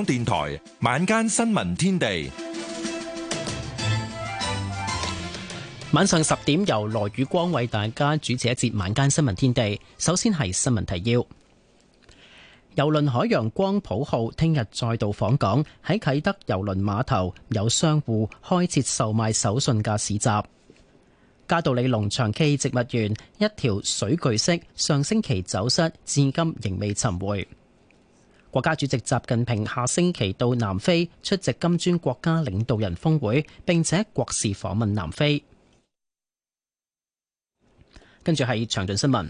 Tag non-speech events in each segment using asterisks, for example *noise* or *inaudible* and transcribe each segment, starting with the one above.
香港電台晚間新聞天地，晚上十點由羅宇光為大家主持一節晚間新聞天地。首先係新聞提要：郵輪海洋光譜號聽日再度訪港，喺啟德郵輪碼頭有商戶開設售賣手信嘅市集。嘉道理農場暨植物園一條水巨蜥上星期走失，至今仍未尋回。國家主席習近平下星期到南非出席金磚國家領導人峰會，並且國事訪問南非。跟住係詳盡新聞。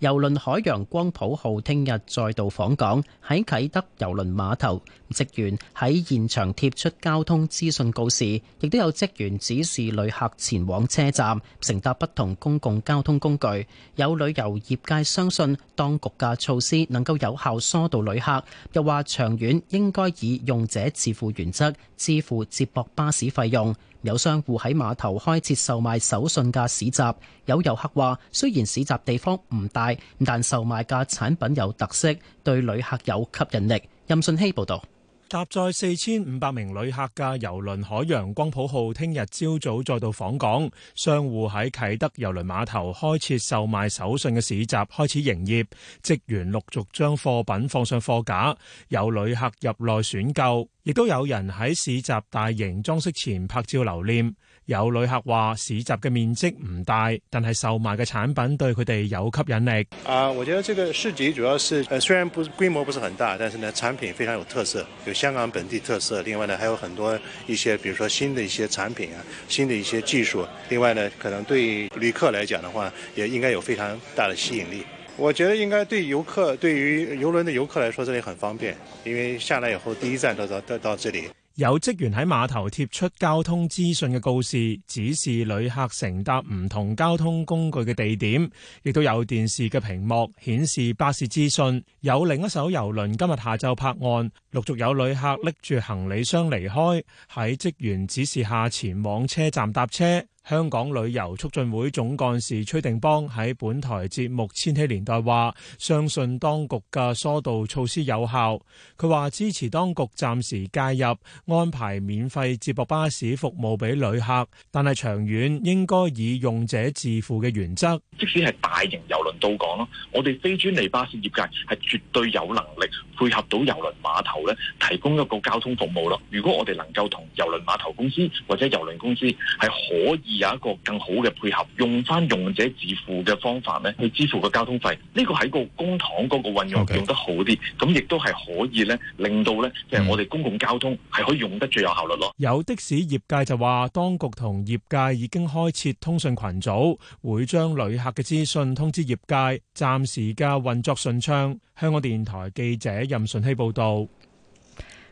郵輪海洋光譜號聽日再度訪港，喺啟德郵輪碼頭，職員喺現場貼出交通資訊告示，亦都有職員指示旅客前往車站乘搭不同公共交通工具。有旅遊業界相信當局嘅措施能夠有效疏導旅客，又話長遠應該以用者自付原則支付接駁巴士費用。有商戶喺碼頭開設售賣手信嘅市集，有遊客話雖然市集地方唔大，但售賣嘅產品有特色，對旅客有吸引力。任信希報道：搭載四千五百名旅客嘅郵輪海洋光譜號，聽日朝早再度訪港。商戶喺啟德郵輪碼頭開設售賣手信嘅市集開始營業，職員陸續將貨品放上貨架，有旅客入內選購，亦都有人喺市集大型裝飾前拍照留念。有旅客話市集嘅面積唔大，但係售賣嘅產品對佢哋有吸引力。啊，我覺得呢個市集主要是，雖然不規模不是很大，但是呢產品非常有特色，有香港本地特色，另外呢還有很多一些，比如說新的一些產品啊，新的一些技術。另外呢，可能對旅客嚟講的話，也應該有非常大的吸引力。我覺得應該對遊客，對於遊輪的遊客來說，這裡很方便，因為下來以後第一站都到到到這裡。有職員喺碼頭貼出交通資訊嘅告示，指示旅客乘搭唔同交通工具嘅地點，亦都有電視嘅屏幕顯示巴士資訊。有另一艘郵輪今日下晝泊岸，陸續有旅客拎住行李箱離開，喺職員指示下前往車站搭車。香港旅遊促進會總幹事崔定邦喺本台節目《千禧年代》話：相信當局嘅疏導措施有效。佢話支持當局暫時介入安排免費接駁巴士服務俾旅客，但係長遠應該以用者自負嘅原則。即使係大型郵輪到港咯，我哋非專利巴士業界係絕對有能力配合到郵輪碼頭咧，提供一個交通服務咯。如果我哋能夠同郵輪碼頭公司或者郵輪公司係可以。有一個更好嘅配合，用翻用者自付嘅方法咧去支付個交通費，呢個喺個公帑嗰個運用 Okay. 用得好啲，咁亦都係可以咧，令到呢，即係我哋公共交通係可以用得最有效率咯。有的士業界就話，當局同業界已經開設通訊群組，會將旅客嘅資訊通知業界，暫時嘅運作順暢。香港電台記者任順希報道。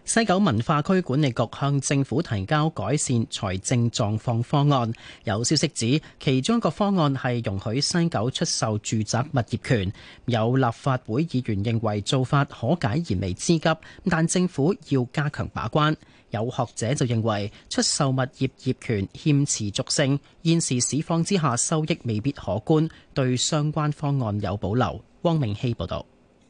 西九文化區管理局向政府提交改善財政狀況方案，有消息指其中一個方案係容許西九出售住宅物業權。有立法會議員認為做法可解燃眉之急，但政府要加強把關。有學者就認為出售物業業權欠持續性，現時市況之下收益未必可觀，對相關方案有保留。汪明希報導。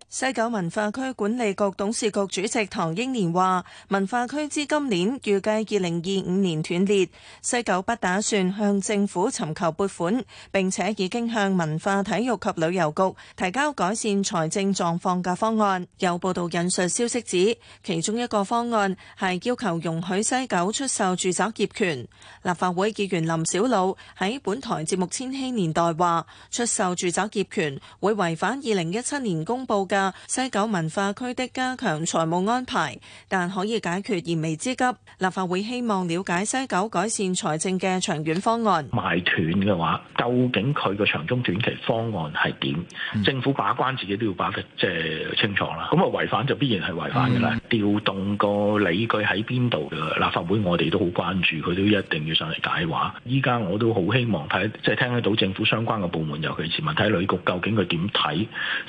西九文化區管理局董事局主席唐英年話：文化區資金鏈預計二零二五年斷裂，西九不打算向政府尋求撥款，並且已經向文化、體育及旅遊局提交改善財政狀況嘅方案。有報道引述消息指，其中一個方案係要求容許西九出售住宅業權。立法會議員林小魯喺本台節目《千禧年代》話：出售住宅業權會違反二零一七年公布嘅西九文化區的加強財務安排，但可以解決燃眉之急。立法會希望了解西九改善財政嘅長遠方案。賣斷嘅話，究竟佢個長中短期方案係點？嗯、政府把關自己都要把得即係清楚啦。咁啊，違反就必然係違反㗎啦。調、嗯、動個理據喺邊度嘅立法會我哋都好關注，佢都一定要上嚟解話。依家我都好希望睇，即、就、係、是、聽得到政府相關嘅部門，尤其是文體旅局，究竟佢點睇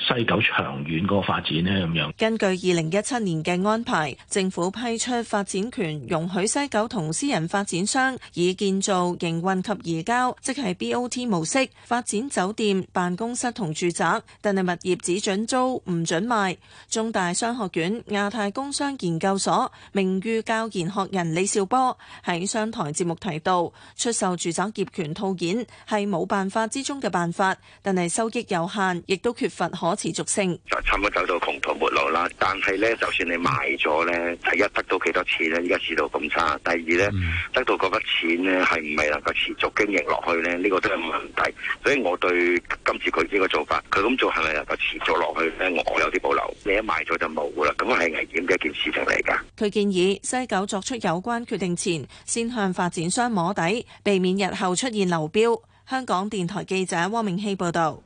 西九長遠。嗰個發展咧咁樣。根據二零一七年嘅安排，政府批出發展權，容許西九同私人發展商以建造、營運及移交，即係 BOT 模式發展酒店、辦公室同住宅，但係物業只準租唔準賣。中大商學院亞太工商研究所名譽教研學人李兆波喺商台節目提到，出售住宅業權套件係冇辦法之中嘅辦法，但係收益有限，亦都缺乏可持續性。差唔多走到窮途末路啦，但係咧，就算你賣咗咧，第一得到幾多錢咧？依家市道咁差，第二咧得到嗰筆錢咧，係唔係能夠持續經營落去咧？呢個都係問題，所以我對今次佢呢個做法，佢咁做係咪能夠持續落去咧？我有啲保留。你一賣咗就冇噶啦，咁係危險嘅一件事情嚟噶。佢建議西九作出有關決定前，先向發展商摸底，避免日後出現流標。香港電台記者汪明熙報導。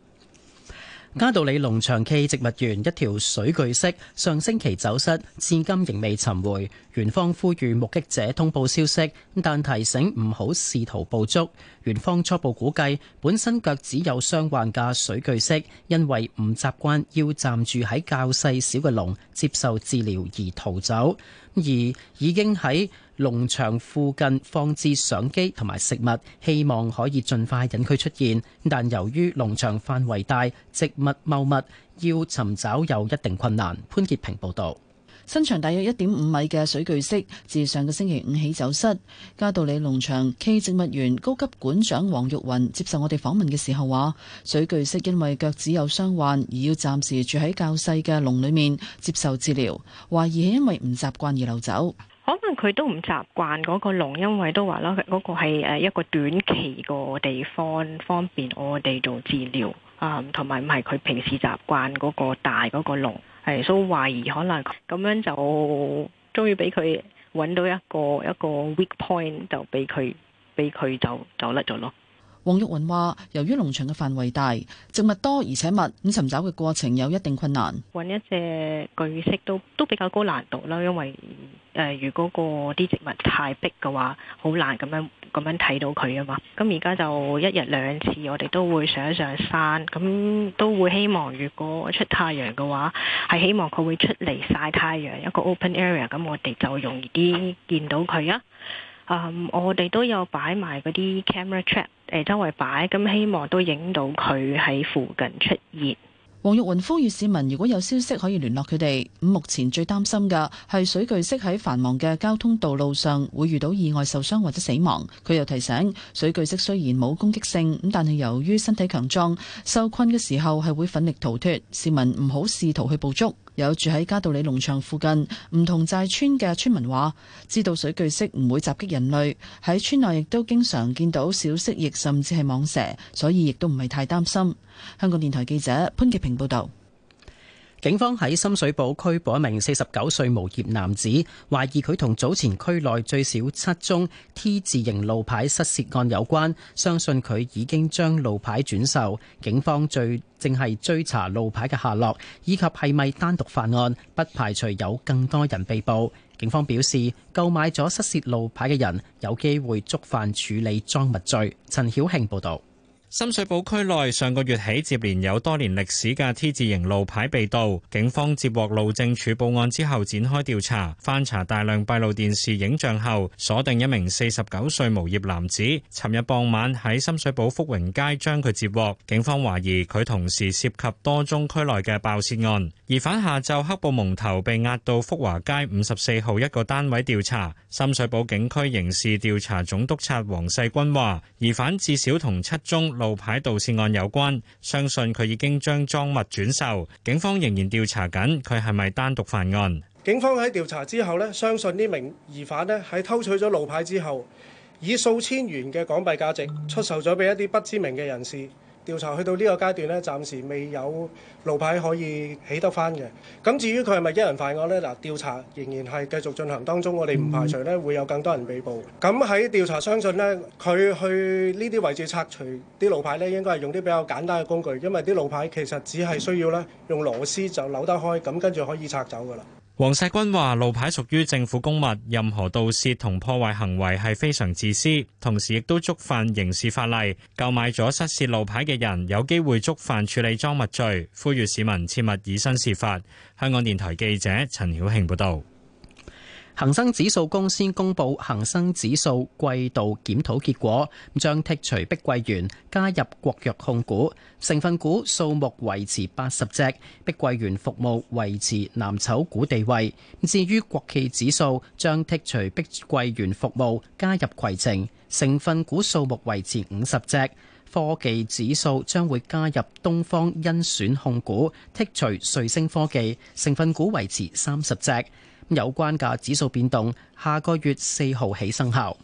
嘉道理農場暨植物園一條水巨蜥上星期走失，至今仍未尋回。園方呼籲目擊者通報消息，但提醒唔好試圖捕捉。園方初步估計，本身腳趾有傷患嘅水巨蜥，因為唔習慣要暫住喺較細小嘅籠接受治療而逃走。而已經喺農場附近放置相機同埋食物，希望可以盡快引佢出現。但由於農場範圍大，植物茂密，要尋找有一定困難。潘潔平報導。身長大約一點五米嘅水巨蜥自上個星期五起走失。嘉道理農場暨植物園高級館長黃玉雲接受我哋訪問嘅時候話，水巨蜥因為腳趾有傷患而要暫時住喺較細嘅籠裏面接受治療，懷疑係因為唔習慣而流走。可能佢都唔習慣嗰個籠，因為都話啦，嗰個係誒一個短期個地方方便我哋做治療啊，同埋唔係佢平時習慣嗰個大嗰個籠。係，所以、so, 懷疑可能咁樣就終於俾佢揾到一個一個 weak point，就俾佢俾佢走就甩咗咯。黃玉雲話，由於農場嘅範圍大，植物多而且密，咁尋找嘅過程有一定困難。揾一隻巨蜥都都比較高難度啦，因為誒、呃，如果、嗰個啲植物太逼嘅話，好難咁樣咁樣睇到佢啊嘛。咁而家就一日兩次，我哋都會上一上山，咁都會希望如果出太陽嘅話，係希望佢會出嚟曬太陽，一個 open area，咁我哋就容易啲見到佢啊。啊、嗯！我哋都有擺埋嗰啲 camera trap，誒周圍擺，咁希望都影到佢喺附近出現。黃玉雲呼籲市民如果有消息可以聯絡佢哋，咁目前最擔心嘅係水巨蜥喺繁忙嘅交通道路上會遇到意外受傷或者死亡。佢又提醒水巨蜥雖然冇攻擊性，咁但係由於身體強壯，受困嘅時候係會奮力逃脫，市民唔好試圖去捕捉。有住喺嘉道理農場附近唔同寨村嘅村民話，知道水巨蜥唔會襲擊人類，喺村內亦都經常見到小蜥蜴甚至係蟒蛇，所以亦都唔係太擔心。香港電台記者潘潔平報道。警方喺深水埗拘捕一名四十九歲無業男子，懷疑佢同早前區內最少七宗 T 字形路牌失竊案有關，相信佢已經將路牌轉售。警方最正係追查路牌嘅下落，以及係咪單獨犯案，不排除有更多人被捕。警方表示，購買咗失竊路牌嘅人有機會觸犯處理贓物罪。陳曉慶報道。深水埗區內上個月起接連有多年歷史嘅 T 字型路牌被盜，警方接獲路政署報案之後展開調查，翻查大量閉路電視影像後鎖定一名四十九歲無業男子。尋日傍晚喺深水埗福榮街將佢接獲，警方懷疑佢同時涉及多宗區內嘅爆竊案。疑犯下晝黑布蒙頭被押到福華街五十四號一個單位調查。深水埗警區刑事調查總督察黃世軍話：疑犯至少同七宗路牌盜竊案有關，相信佢已經將贓物轉售。警方仍然調查緊佢係咪單獨犯案。警方喺調查之後呢，相信呢名疑犯呢喺偷取咗路牌之後，以數千元嘅港幣價值出售咗俾一啲不知名嘅人士。調查去到呢個階段咧，暫時未有路牌可以起得返嘅。咁至於佢係咪一人犯案咧？嗱，調查仍然係繼續進行當中，我哋唔排除咧會有更多人被捕。咁喺調查，相信呢佢去呢啲位置拆除啲路牌咧，應該係用啲比較簡單嘅工具，因為啲路牌其實只係需要咧用螺絲就扭得開，咁跟住可以拆走㗎啦。黃世軍話：路牌屬於政府公物，任何盜竊同破壞行為係非常自私，同時亦都觸犯刑事法例。購買咗失竊路牌嘅人有機會觸犯處理贓物罪，呼籲市民切勿以身試法。香港電台記者陳曉慶報道。恒生指數公司公布恒生指數季度檢討結果，將剔除碧桂園，加入國藥控股，成分股數目維持八十隻。碧桂園服務維持藍籌股地位。至於國企指數，將剔除碧桂園服務，加入攜程，成分股數目維持五十隻。科技指數將會加入東方甄選控股，剔除瑞聲科技，成分股維持三十隻。有關嘅指數變動，下個月四號起生效。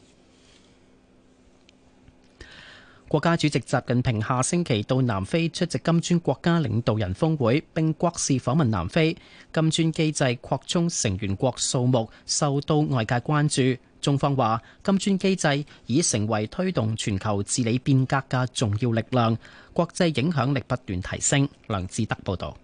國家主席習近平下星期到南非出席金磚國家領導人峰會，並國事訪問南非。金磚機制擴充成員國數目受到外界關注。中方話，金磚機制已成為推動全球治理變革嘅重要力量，國際影響力不斷提升。梁志德報導。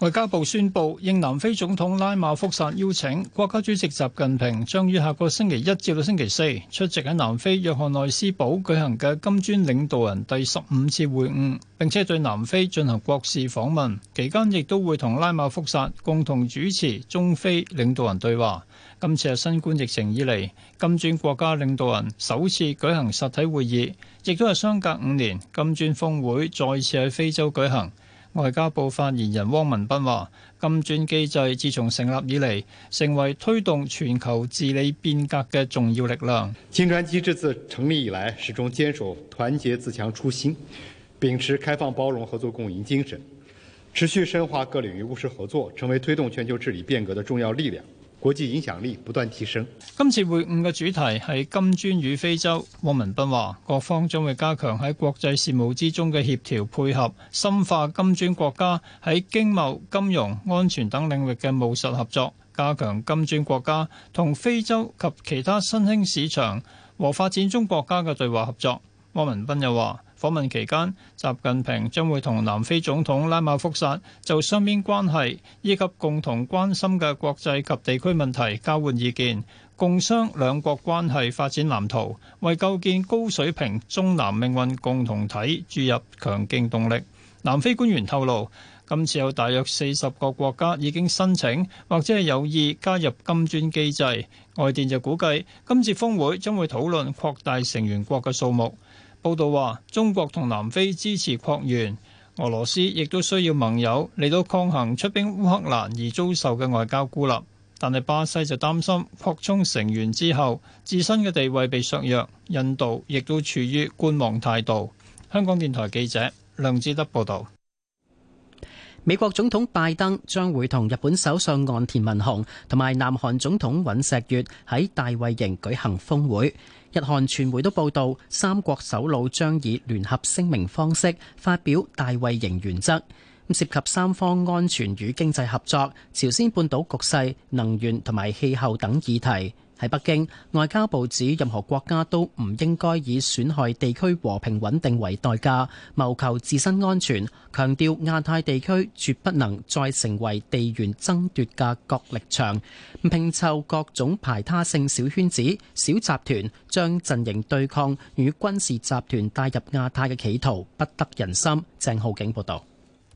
外交部宣布，應南非總統拉馬福薩邀請，國家主席習近平將於下個星期一至到星期四出席喺南非約翰內斯堡舉行嘅金磚領導人第十五次會晤，並且對南非進行國事訪問。期間亦都會同拉馬福薩共同主持中非領導人對話，今次係新冠疫情以嚟金磚國家領導人首次舉行實體會議，亦都係相隔五年金磚峰會再次喺非洲舉行。外交部發言人汪文斌話：金磚機制自從成立以嚟，成為推動全球治理變革嘅重要力量。金磚機制自成立以來，始終堅守團結自強初心，秉持開放包容合作共贏精神，持續深化各領域務實合作，成為推動全球治理變革的重要力量。國際影響力不斷提升。今次會晤嘅主題係金磚與非洲。汪文斌話，各方將會加強喺國際事務之中嘅協調配合，深化金磚國家喺經貿、金融、安全等領域嘅務實合作，加強金磚國家同非洲及其他新興市場和發展中國家嘅對話合作。汪文斌又話。訪問期間，習近平將會同南非總統拉馬福薩就雙邊關係以及共同關心嘅國際及地區問題交換意見，共商兩國關係發展藍圖，為構建高水平中南命運共同體注入強勁動力。南非官員透露，今次有大約四十個國家已經申請或者係有意加入金磚機制。外電就估計，今次峰會將會討論擴大成員國嘅數目。報道話，中國同南非支持擴員，俄羅斯亦都需要盟友嚟到抗衡出兵烏克蘭而遭受嘅外交孤立。但係巴西就擔心擴充成員之後，自身嘅地位被削弱。印度亦都處於觀望態度。香港電台記者梁志德報導。美國總統拜登將會同日本首相岸田文雄同埋南韓總統尹錫悅喺大衛營舉行峰會。日韓傳媒都報道，三國首腦將以聯合聲明方式發表大衞營原則，涉及三方安全與經濟合作、朝鮮半島局勢、能源同埋氣候等議題。喺北京，外交部指任何國家都唔應該以損害地區和平穩定為代價，謀求自身安全，強調亞太地區絕不能再成為地緣爭奪嘅角力場，拼湊各種排他性小圈子、小集團將陣營對抗與軍事集團帶入亞太嘅企圖不得人心。鄭浩景報道。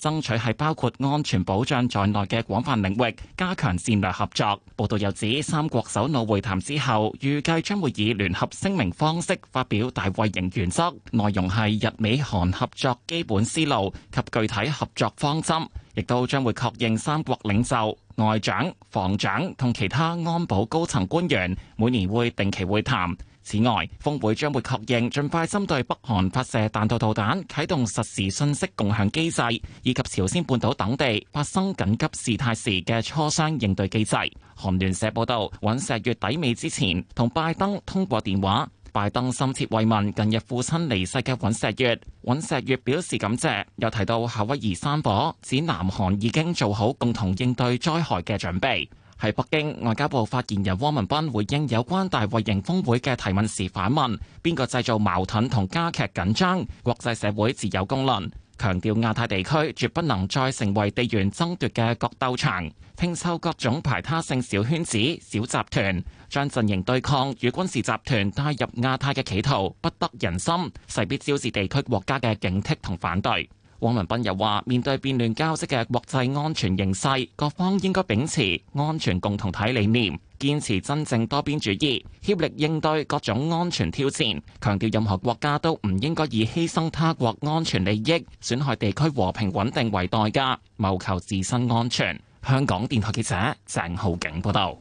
爭取係包括安全保障在內嘅廣泛領域加強戰略合作。報道又指，三國首腦會談之後，預計將會以聯合聲明方式發表大衞營原則，內容係日美韓合作基本思路及具體合作方針，亦都將會確認三國領袖、外長、防長同其他安保高層官員每年會定期會談。此外，峰會將會確認盡快針對北韓發射彈道導彈啟動實時信息共享機制，以及朝鮮半島等地發生緊急事態時嘅磋商應對機制。韓聯社報道，尹錫悅底尾之前同拜登通過電話，拜登深切慰問近日父親離世嘅尹錫悅。尹錫悅表示感謝，又提到夏威夷山火，指南韓已經做好共同應對災害嘅準備。喺北京，外交部發言人汪文斌回應有關大衛營峰會嘅提問時反問邊個製造矛盾同加劇緊張，國際社會自有公論，強調亞太地區絕不能再成為地緣爭奪嘅角鬥場，拼湊各種排他性小圈子、小集團將陣營對抗與軍事集團帶入亞太嘅企圖不得人心，勢必招致地區國家嘅警惕同反對。汪文斌又話，面對變亂交織嘅國際安全形勢，各方應該秉持安全共同體理念，堅持真正多邊主義，協力應對各種安全挑戰。強調任何國家都唔應該以犧牲他國安全利益、損害地區和平穩定為代價，謀求自身安全。香港電台記者鄭浩景報道。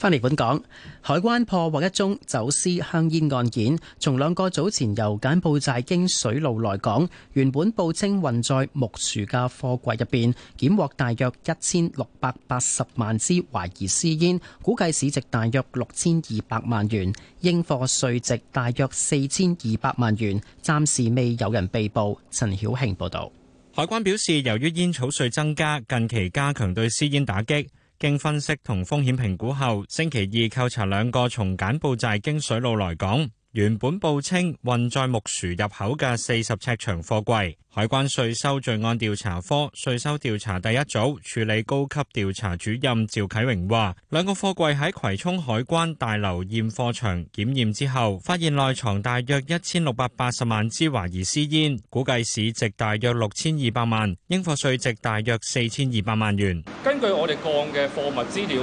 返嚟本港，海關破獲一宗走私香煙案件，從兩個早前由柬埔寨經水路來港，原本報稱運載木薯嘅貨櫃入邊，檢獲大約一千六百八十萬支懷疑私煙，估計市值大約六千二百萬元，應課稅值大約四千二百萬元，暫時未有人被捕。陳曉慶報導，海關表示，由於煙草稅增加，近期加強對私煙打擊。經分析同風險評估後，星期二扣查兩個從柬埔寨經水路來港，原本報稱運載木薯入口嘅四十尺長貨櫃，海關稅收罪案調查科稅收調查第一組處理高級調查主任趙啟榮話：兩個貨櫃喺葵涌海關大樓驗貨場檢驗之後，發現內藏大約一千六百八十萬支懷疑私煙，估計市值大約六千二百萬，應貨稅值大約四千二百萬元。根據我哋降嘅貨物資料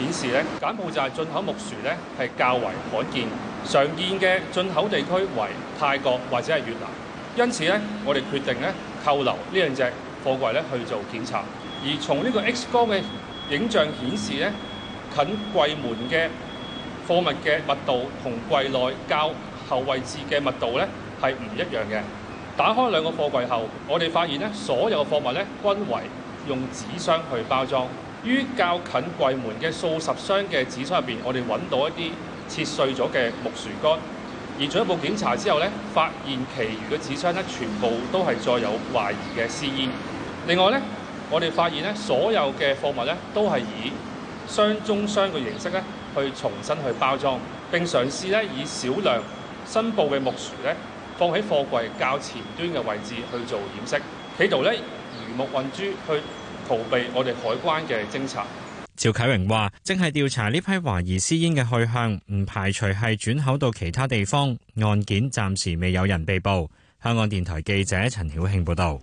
顯示呢，柬埔寨進口木薯呢係較為罕見。常見嘅進口地區為泰國或者係越南，因此咧，我哋決定咧扣留呢兩隻貨櫃咧去做檢查。而從呢個 X 光嘅影像顯示咧，近櫃門嘅貨物嘅密度同櫃內較後位置嘅密度咧係唔一樣嘅。打開兩個貨櫃後，我哋發現咧所有貨物咧均為用紙箱去包裝。於較近櫃門嘅數十箱嘅紙箱入邊，我哋揾到一啲切碎咗嘅木薯乾，而進一步檢查之後咧，發現其餘嘅紙箱咧，全部都係載有懷疑嘅私煙。另外咧，我哋發現咧，所有嘅貨物咧，都係以箱中箱嘅形式咧，去重新去包裝，並嘗試咧以少量申報嘅木薯咧，放喺貨櫃較前端嘅位置去做掩飾，企圖咧魚目混珠去逃避我哋海關嘅偵查。趙啟榮話，正係調查呢批懷疑私煙嘅去向，唔排除係轉口到其他地方。案件暫時未有人被捕。香港電台記者陳曉慶報道。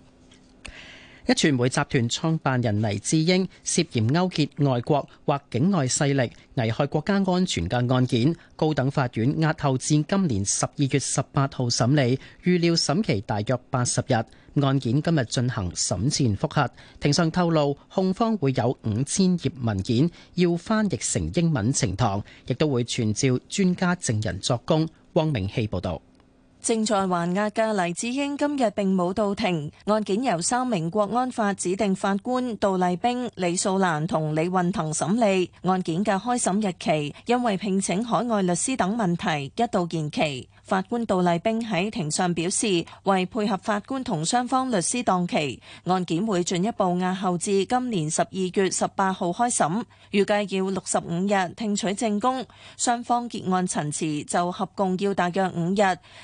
壹傳媒集團創辦人黎智英涉嫌勾結外國或境外勢力，危害國家安全嘅案件，高等法院押後至今年十二月十八號審理，預料審期大約八十日。案件今日進行審前覆核，庭上透露控方會有五千頁文件要翻譯成英文呈堂，亦都會傳召專家證人作供。汪明希報導。正在還押嘅黎智英今日並冇到庭，案件由三名國安法指定法官杜麗冰、李素蘭同李運騰審理。案件嘅開審日期因為聘請海外律師等問題一度延期。法官杜麗冰喺庭上表示，為配合法官同雙方律師檔期，案件會進一步押後至今年十二月十八號開審，預計要六十五日聽取證供，雙方結案陳詞就合共要大約五日，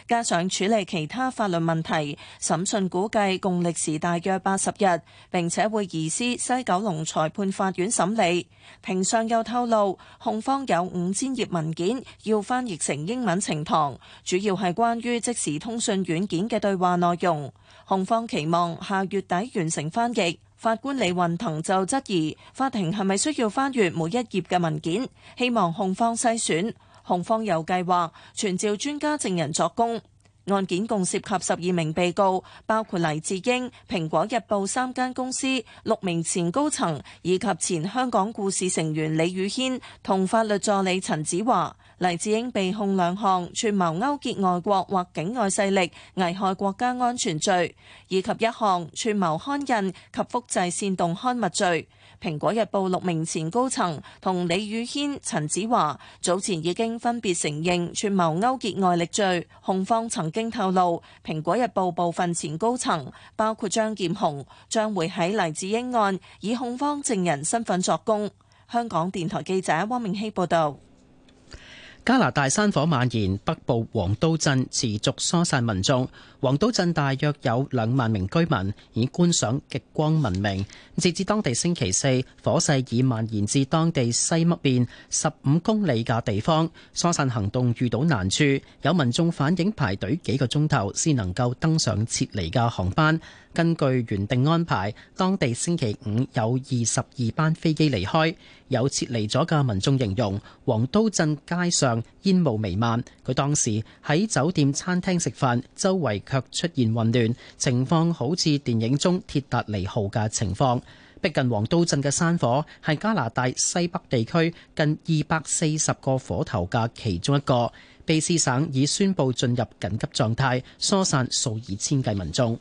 加上處理其他法律問題，審訊估計共歷時大約八十日，並且會移師西九龍裁判法院審理。庭上又透露，控方有五千頁文件要翻譯成英文呈堂。主要係關於即時通訊軟件嘅對話內容，控方期望下月底完成翻譯。法官李運騰就質疑法庭係咪需要翻閱每一頁嘅文件，希望控方篩選。控方有計劃傳召專家證人作供。案件共涉及十二名被告，包括黎智英、蘋果日報三間公司六名前高層以及前香港故事成員李宇軒同法律助理陳梓華。黎智英被控兩項串謀勾結外國或境外勢力危害國家安全罪，以及一項串謀刊印及複製煽動刊物罪。《蘋果日報》六名前高層同李宇軒、陳子華早前已經分別承認串謀勾結外力罪。控方曾經透露，《蘋果日報》部分前高層包括張劍虹將會喺黎智英案以控方證人身份作供。香港電台記者汪明希報道。加拿大山火蔓延，北部黃刀鎮持續疏散民眾。黃刀鎮大約有兩萬名居民，以觀賞極光聞名。截至當地星期四，火勢已蔓延至當地西北邊十五公里嘅地方。疏散行動遇到難處，有民眾反映排隊幾個鐘頭先能夠登上撤離嘅航班。根據原定安排，當地星期五有二十二班飛機離開。有撤離咗嘅民眾形容，黃刀鎮街上煙霧瀰漫。佢當時喺酒店餐廳食飯，周圍卻出現混亂，情況好似電影中鐵達尼號嘅情況。逼近黃刀鎮嘅山火係加拿大西北地區近二百四十個火頭嘅其中一個。卑斯省已宣布進入緊急狀態，疏散數以千計民眾。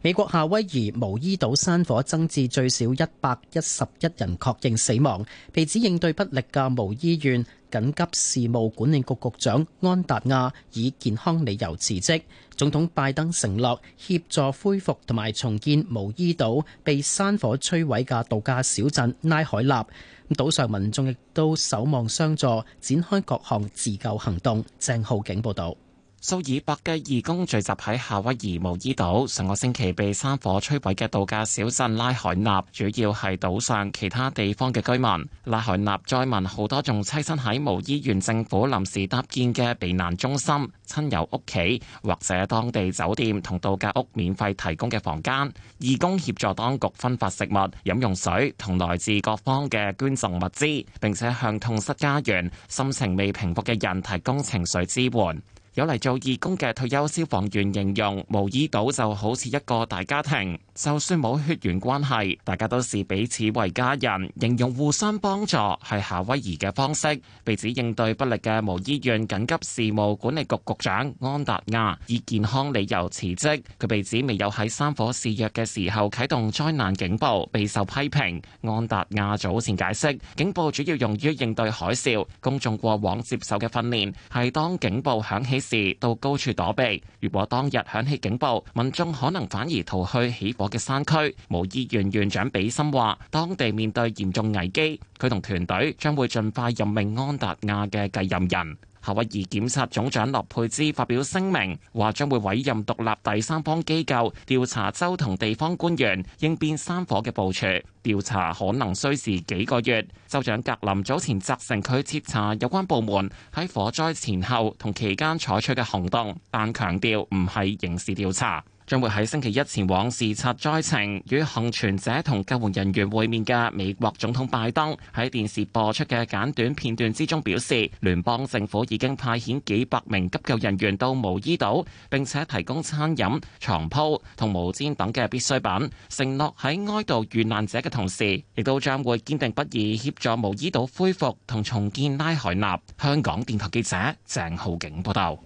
美國夏威夷毛伊島山火增至最少一百一十一人確認死亡，被指應對不力嘅毛伊縣緊急事務管理局局長安達亞以健康理由辭職。總統拜登承諾協助恢復同埋重建毛伊島被山火摧毀嘅度假小鎮拉海納。咁島上民眾亦都守望相助，展開各項自救行動。鄭浩景報道。數以百計嘅義工聚集喺夏威夷毛伊島上個星期被山火摧毀嘅度假小鎮拉海納，主要係島上其他地方嘅居民。拉海納災民好多，仲棲身喺毛伊縣政府臨時搭建嘅避難中心、親友屋企或者當地酒店同度假屋免費提供嘅房間。義工協助當局分發食物、飲用水同來自各方嘅捐贈物資，並且向痛失家園、心情未平復嘅人提供情緒支援。有嚟做義工嘅退休消防員形容毛伊島就好似一個大家庭，就算冇血緣關係，大家都視彼此為家人，形容互相幫助係夏威夷嘅方式。被指應對不力嘅毛伊縣緊急事務管理局局長安達亞以健康理由辭職，佢被指未有喺山火肆虐嘅時候啟動災難警報，備受批評。安達亞早前解釋，警報主要用於應對海嘯，公眾過往接受嘅訓練係當警報響起，到高處躲避。如果當日響起警報，民眾可能反而逃去起火嘅山區。無議院院長比森話，當地面對嚴重危機，佢同團隊將會盡快任命安達亞嘅繼任人。夏威夷檢察總長洛佩茲發表聲明，話將會委任獨立第三方機構調查州同地方官員應變山火嘅部署，調查可能需時幾個月。州長格林早前責成佢徹查有關部門喺火災前後同期間採取嘅行動，但強調唔係刑事調查。將會喺星期一前往視察災情與幸存者同救援人員會面嘅美國總統拜登，喺電視播出嘅簡短片段之中表示，聯邦政府已經派遣幾百名急救人員到毛伊島，並且提供餐飲、床鋪同毛氈等嘅必需品，承諾喺哀悼遇難者嘅同時，亦都將會堅定不移協助毛伊島恢復同重建拉海納。香港電台記者鄭浩景報道。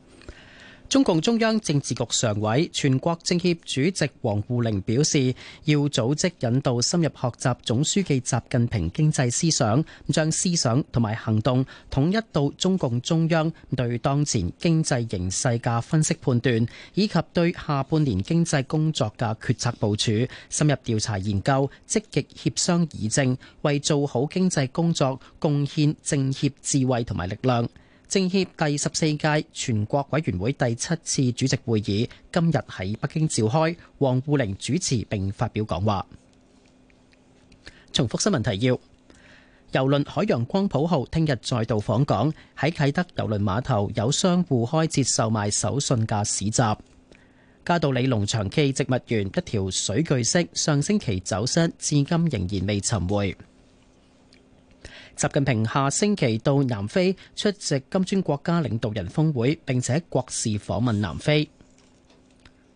中共中央政治局常委、全國政協主席王滬寧表示，要組織引導深入學習總書記習近平經濟思想，將思想同埋行動統一到中共中央對當前經濟形勢嘅分析判斷，以及對下半年經濟工作嘅決策部署，深入調查研究，積極協商議政，為做好經濟工作，貢獻政協智慧同埋力量。政協第十四屆全國委員會第七次主席會議今日喺北京召開，王滬寧主持並發表講話。重複新聞提要：郵輪海洋光譜號聽日再度訪港，喺啟德郵輪碼頭有商戶開設售賣手信嘅市集。加道理農場暨植物園一條水巨蜥上星期走失，至今仍然未尋回。習近平下星期到南非出席金磚國家領導人峰會，並且國事訪問南非。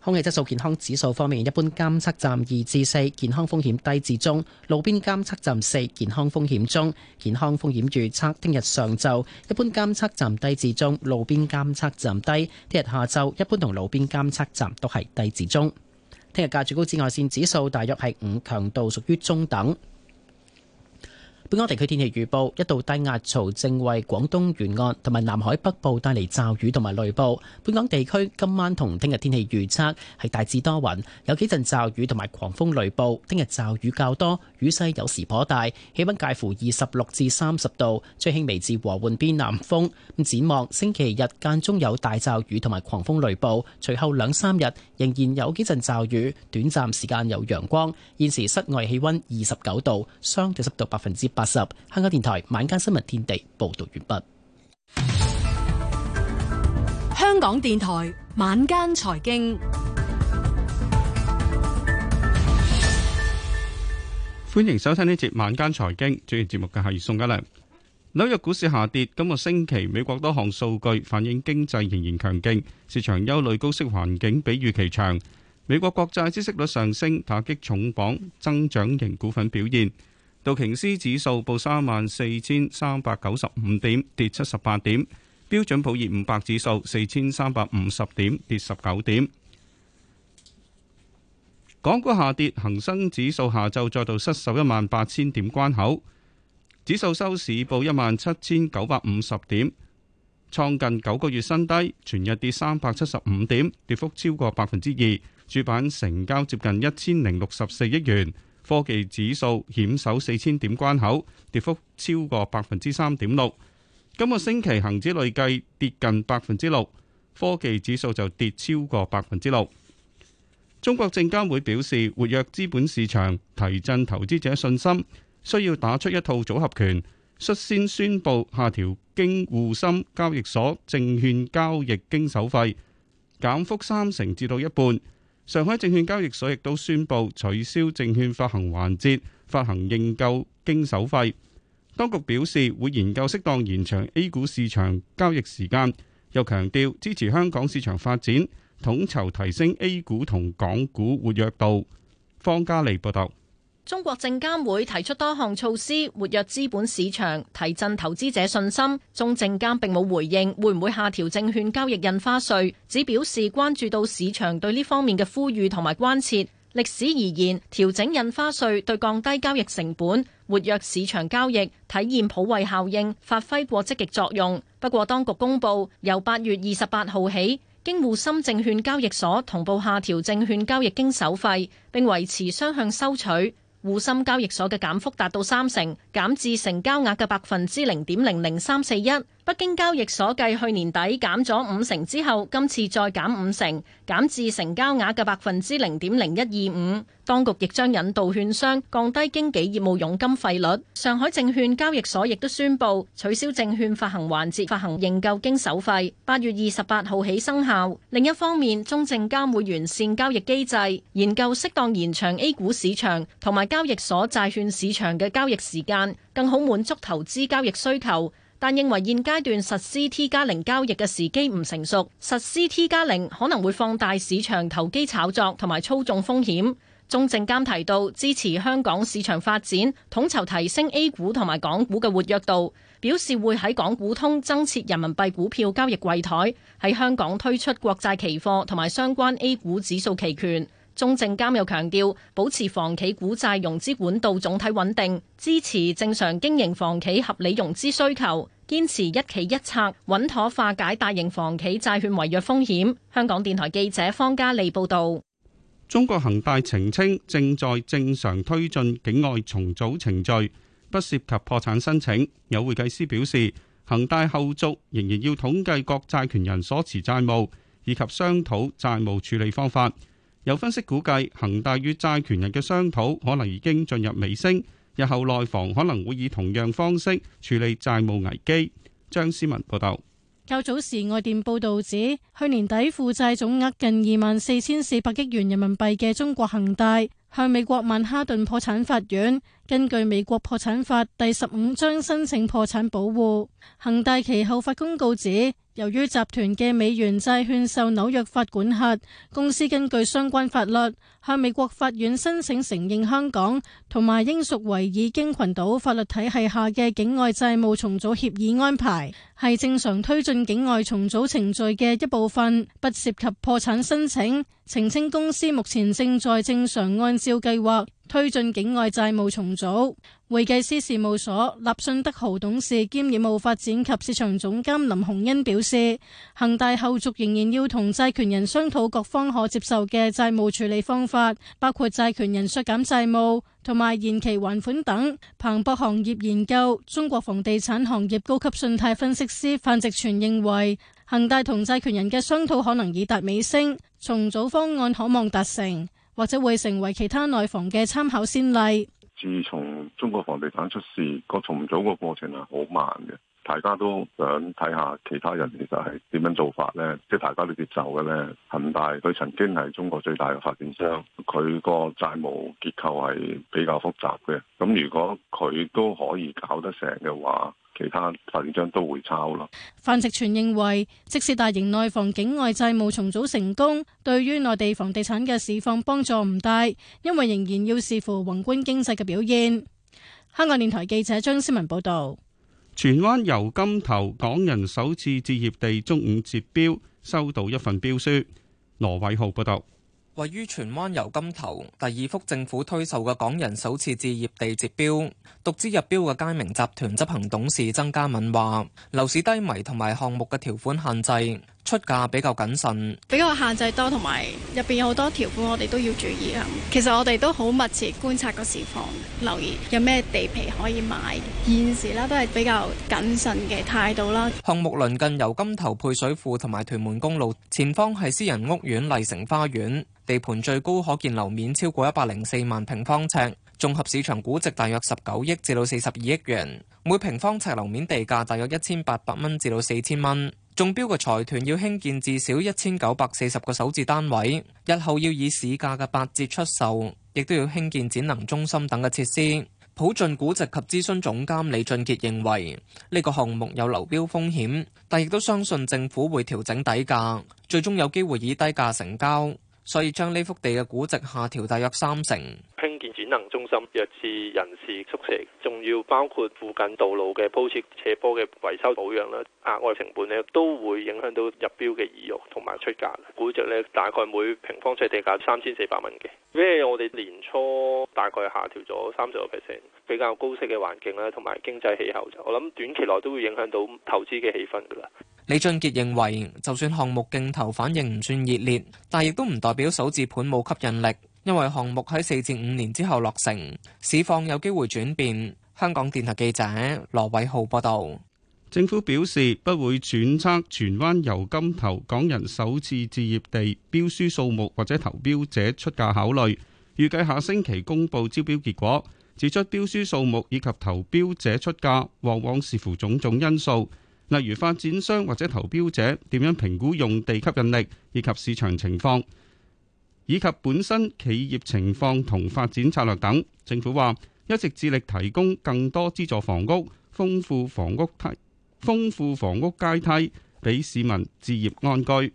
空氣質素健康指數方面，一般監測站二至四，健康風險低至中；路邊監測站四，健康風險中。健康風險預測：聽日上晝一般監測站低至中，路邊監測站低；聽日下晝一般同路邊監測站都係低至中。聽日嘅最高紫外線指數大約係五，強度屬於中等。本港地區天氣預報，一道低壓槽正為廣東沿岸同埋南海北部帶嚟驟雨同埋雷暴。本港地區今晚同聽日天氣預測係大致多雲，有幾陣驟雨同埋狂風雷暴。聽日驟雨較多，雨勢有時頗大，氣溫介乎二十六至三十度，吹輕微至和緩偏南風，展望星期日間中有大驟雨同埋狂風雷暴，隨後兩三日仍然有幾陣驟雨，短暫時間有陽光。現時室外氣溫二十九度，相對濕度百分之八十。香港電台晚間新聞天地報道完畢。香港電台晚間財經，歡迎收聽呢節晚間財經。主持節目嘅係宋嘉良。紐約股市下跌。今個星期，美國多項數據反映經濟仍然強勁，市場憂慮高息環境比預期長。美國國債孳息率上升，打擊重磅增長型股份表現。道瓊斯指數報三萬四千三百九十五點，跌七十八點；標準普爾五百指數四千三百五十點，跌十九點。港股下跌，恒生指數下晝再度失守一萬八千點關口，指數收市報一萬七千九百五十點，創近九個月新低，全日跌三百七十五點，跌幅超過百分之二。主板成交接近一千零六十四億元。科技指數險守四千點關口，跌幅超過百分之三點六。今個星期恒指累計跌近百分之六，科技指數就跌超過百分之六。中國證監會表示，活躍資本市場、提振投資者信心，需要打出一套組合拳。率先宣布下調京滬深交易所證券交易經手費，減幅三成至到一半。上海證券交易所亦都宣布取消證券發行環節發行認購經手費，當局表示會研究適當延長 A 股市場交易時間，又強調支持香港市場發展，統籌提升 A 股同港股活躍度。方嘉利報道。中國證監會提出多項措施，活躍資本市場，提振投資者信心。中證監並冇回應會唔會下調證券交易印花稅，只表示關注到市場對呢方面嘅呼籲同埋關切。歷史而言，調整印花稅對降低交易成本、活躍市場交易、體現普惠效應、發揮過積極作用。不過，當局公布由八月二十八號起，京滬深證券交易所同步下調證券交易經手費，並維持雙向收取。滬深交易所嘅減幅達到三成，減至成交額嘅百分之零點零零三四一。北京交易所繼去年底減咗五成之後，今次再減五成，減至成交額嘅百分之零點零一二五。當局亦將引導券商降低經紀業務佣金費率。上海證券交易所亦都宣布取消證券發行環節發行認購經手費，八月二十八號起生效。另一方面，中證監會完善交易機制，研究適當延長 A 股市場同埋交易所債券市場嘅交易時間，更好滿足投資交易需求。但認為現階段實施 T 加零交易嘅時機唔成熟，實施 T 加零可能會放大市場投機炒作同埋操縱風險。中證監提到支持香港市場發展，統籌提升 A 股同埋港股嘅活躍度，表示會喺港股通增設人民幣股票交易櫃台，喺香港推出國債期貨同埋相關 A 股指數期權。中證監又強調，保持房企股債融資管道總體穩定，支持正常經營房企合理融資需求，堅持一企一策，穩妥化解大型房企債券違約風險。香港電台記者方嘉利報導。中國恒大澄清，正在正常推進境外重組程序，不涉及破產申請。有會計師表示，恒大後續仍然要統計各債權人所持債務，以及商討債務處理方法。有分析估計，恒大與債權人嘅商討可能已經進入尾聲，日後內房可能會以同樣方式處理債務危機。張思文報道。較早時外電報導指，去年底負債總額近二萬四千四百億元人民幣嘅中國恒大，向美國曼哈頓破產法院根據美國破產法第十五章申請破產保護。恒大其後發公告指，由於集團嘅美元債券受紐約法管轄，公司根據相關法律，向美國法院申請承認香港同埋英屬維爾京群島法律體系下嘅境外債務重組協議安排，係正常推進境外重組程序嘅一部分，不涉及破產申請。澄清公司目前正在正常按照計劃推進境外債務重組。會計師事務所立信德豪董事兼業務發展及市場總監林洪恩表示，恒大後續仍然要同債權人商討各方可接受嘅債務處理方法。包括債權人削減債務同埋延期還款等。彭博行業研究中國房地產行業高級信貸分析師范植全認為，恒大同債權人嘅商討可能已達尾聲，重組方案可望達成，或者會成為其他內房嘅參考先例。自從中國房地產出事，個重組個過程係好慢嘅。大家都想睇下其他人其實係點樣做法咧，即係大家都接受嘅咧。恒大佢曾經係中國最大嘅發展商，佢個債務結構係比較複雜嘅。咁如果佢都可以搞得成嘅話，其他發展商都會抄咯。范植全認為，即使大型內房境外債務重組成功，對於內地房地產嘅市況幫助唔大，因為仍然要視乎宏觀經濟嘅表現。香港電台記者張思文報道。荃灣油柑頭港人首次置業地中午截標，收到一份標書。羅偉浩報道，位於荃灣油柑頭第二幅政府推售嘅港人首次置業地截標，獨資入標嘅佳明集團執行董事曾家敏話，樓市低迷同埋項目嘅條款限制。出價比較謹慎，比較限制多，同埋入邊有好多條款，我哋都要注意啊。其實我哋都好密切觀察個市況，留意有咩地皮可以買。現時啦，都係比較謹慎嘅態度啦。項目鄰近油柑頭配水庫同埋屯門公路，前方係私人屋苑麗城花園。地盤最高可建樓面超過一百零四萬平方尺，綜合市場估值大約十九億至到四十二億元，每平方尺樓面地價大約一千八百蚊至到四千蚊。中標嘅財團要興建至少一千九百四十個首置單位，日後要以市價嘅八折出售，亦都要興建展能中心等嘅設施。普進估值及諮詢總監李俊傑認為，呢、這個項目有流標風險，但亦都相信政府會調整底價，最終有機會以低價成交。所以將呢幅地嘅估值下調大約三成，興建展能中心、弱智人士宿舍，仲要包括附近道路嘅鋪設、斜坡嘅維修保養啦，額外成本咧都會影響到入標嘅意欲同埋出價，估值咧大概每平方呎地價三千四百蚊嘅。因為我哋年初大概下調咗三十個 percent。比較高息嘅環境啦，同埋經濟氣候就我諗短期內都會影響到投資嘅氣氛噶啦。李俊傑認為，就算項目競投反應唔算熱烈，但亦都唔代表首置盤冇吸引力，因為項目喺四至五年之後落成，市況有機會轉變。香港電台記者羅偉浩報道。政府表示不會轉測荃灣油金頭港人首次置業地標書數目或者投標者出價考慮，預計下星期公布招標結果。指出標書數目以及投標者出價，往往視乎種種因素，例如發展商或者投標者點樣評估用地吸引力以及市場情況，以及本身企業情況同發展策略等。政府話一直致力提供更多資助房屋，豐富房屋梯，豐富房屋階梯，畀市民置業安居。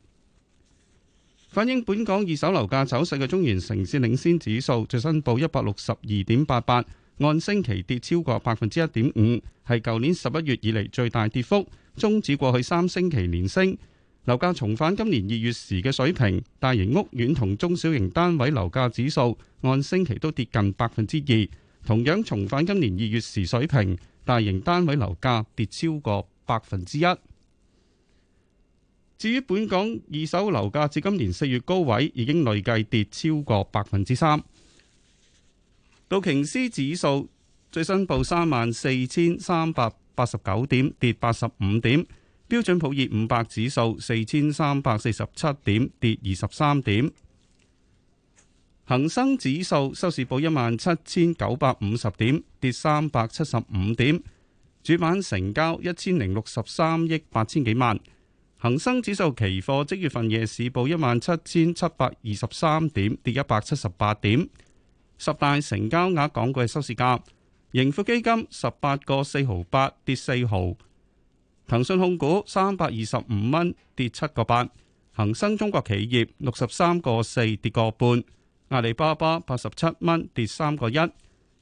反映本港二手樓價走勢嘅中原城市領先指數最新報一百六十二點八八，按星期跌超過百分之一點五，係舊年十一月以嚟，最大跌幅。終止過去三星期連升，樓價重返今年二月時嘅水平。大型屋苑同中小型單位樓價指數按星期都跌近百分之二，同樣重返今年二月時水平。大型單位樓價跌超過百分之一。至於本港二手樓價，至今年四月高位已經累計跌超過百分之三。道瓊斯指數最新報三萬四千三百八十九點，跌八十五點。標準普爾五百指數四千三百四十七點，跌二十三點。恒生指數收市報一萬七千九百五十點，跌三百七十五點。主板成交一千零六十三億八千幾萬。恒生指數期貨即月份夜市報一萬七千七百二十三點，跌一百七十八點。十大成交額港股嘅收市價：盈富基金十八個四毫八，跌四毫；騰訊控股三百二十五蚊，跌七個八；恒生中國企業六十三個四，跌個半；阿里巴巴八十七蚊，跌三個一；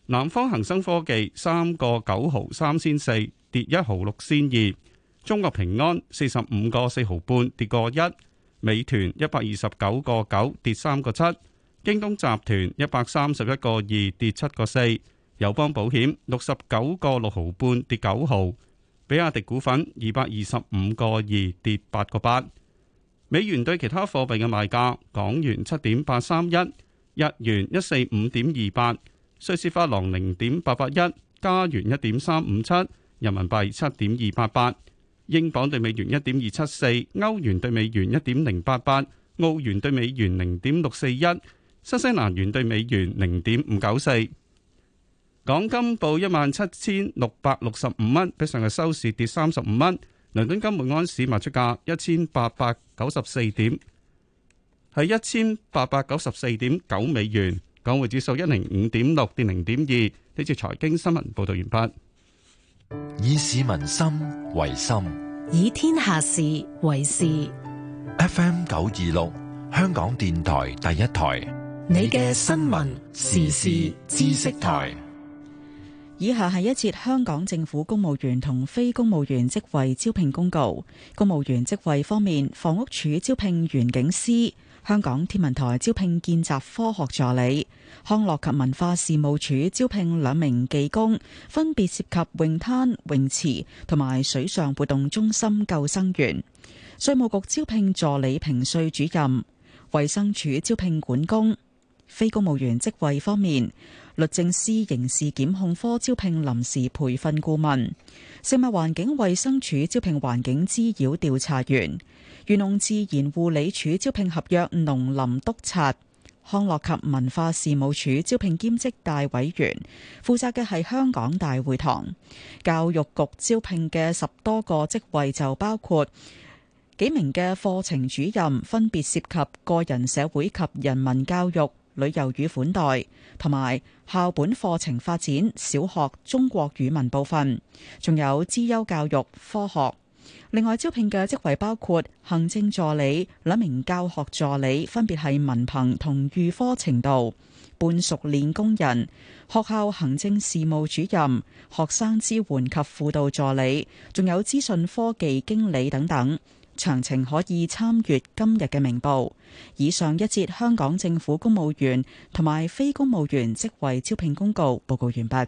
南方恒生科技三個九毫三千四，跌一毫六仙二。中國平安四十五個四毫半，跌個一，美團一百二十九個九，跌三個七，京東集團一百三十一個二，跌七個四，友邦保險六十九個六毫半，跌九毫，比亞迪股份二百二十五個二，跌八個八，美元對其他貨幣嘅賣價：港元七點八三一，日元一四五點二八，瑞士法郎零點八八一，加元一點三五七，人民幣七點二八八。英鎊兌美元一點二七四，歐元兌美元一點零八八，澳元兌美元零點六四一，新西蘭元兌美元零點五九四。港金報一萬七千六百六十五蚊，比上日收市跌三十五蚊。倫敦金每安士賣出價一千八百九十四點，係一千八百九十四點九美元。港匯指數一零五點六跌零點二。呢節財經新聞報道完畢。以市民心為心，以天下事為事。FM 九二六，香港電台第一台，你嘅新聞時事知識台。以下係一節香港政府公務員同非公務員職位招聘公告。公務員職位方面，房屋署招聘園境師。香港天文台招聘見習科學助理，康樂及文化事務署招聘兩名技工，分別涉及泳灘、泳池同埋水上活動中心救生員。稅務局招聘助理評稅主任，衛生署招聘管工。非公務員職位方面，律政司刑事檢控科招聘臨時培訓顧問，食物環境衛生署招聘環境滋擾調查員。漁農自然護理署招聘合約農林督察，康樂及文化事務署招聘兼職大委員，負責嘅係香港大會堂。教育局招聘嘅十多個職位就包括幾名嘅課程主任，分別涉及個人社會及人文教育、旅遊與款待，同埋校本課程發展、小學中國語文部分，仲有資優教育、科學。另外招聘嘅職位包括行政助理、兩名教學助理，分別係文憑同預科程度、半熟練工人、學校行政事務主任、學生支援及輔導助理，仲有資訊科技經理等等。詳情可以參閱今日嘅明報。以上一節香港政府公務員同埋非公務員職位招聘公告報告完畢。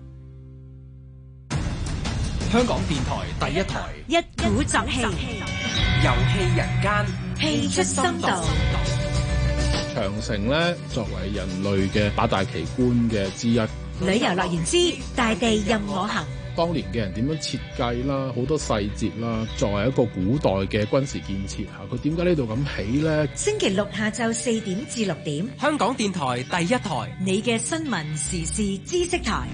香港電台第一台，一鼓作氣，遊戲人間，氣出心度。長城咧，作為人類嘅八大奇觀嘅之一，旅遊樂園之大地任我行。當年嘅人點樣設計啦，好多細節啦，作為一個古代嘅軍事建設啊，佢點解呢度咁起咧？星期六下晝四點至六點，香港電台第一台，你嘅新聞時事知識台。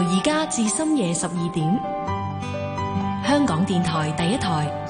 由而家至深夜十二點，香港電台第一台。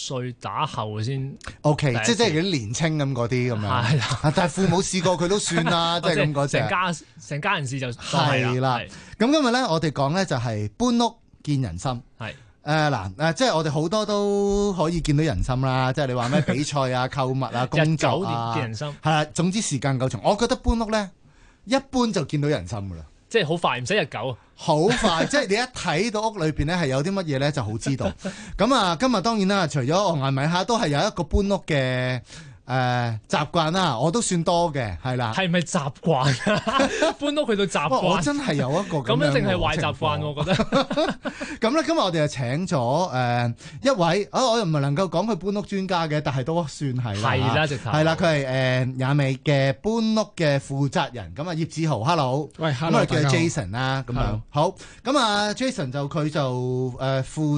歲打後先，OK，即係即係幾年青咁嗰啲咁樣。係啦，但係父母試過佢都算啦，即係咁講成家成家人事就係啦。咁今日咧，我哋講咧就係搬屋見人心。係誒嗱誒，即係我哋好多都可以見到人心啦。即係你話咩比賽啊、購物啊、工作啊、日久見人心。係啦。總之時間夠長，我覺得搬屋咧一搬就見到人心噶啦。即係好快，唔使日久。好快， *laughs* 即係你一睇到屋裏邊咧，係有啲乜嘢咧，就好知道。咁啊，今日當然啦，除咗外岸米哈，都係有一個搬屋嘅。誒、呃，習慣啦，我都算多嘅，係啦。係咪係習慣、啊、 *laughs* 搬屋佢到習慣， *laughs* 我真係有一個咁樣嘅情況。咁 *laughs* 樣淨係壞習慣，我覺得。咁 *laughs* 咧， *laughs* 今日我哋就請咗誒一位，啊、呃，我又唔係能夠講佢搬屋專家嘅，但係都算係。係啦，直頭。係啦，佢係誒亞美嘅搬屋嘅負責人。咁 Hello. 啊，葉志豪，hello。喂，hello。咁叫 Jason 啦，咁樣。好，咁、嗯、啊，Jason 就佢就誒負。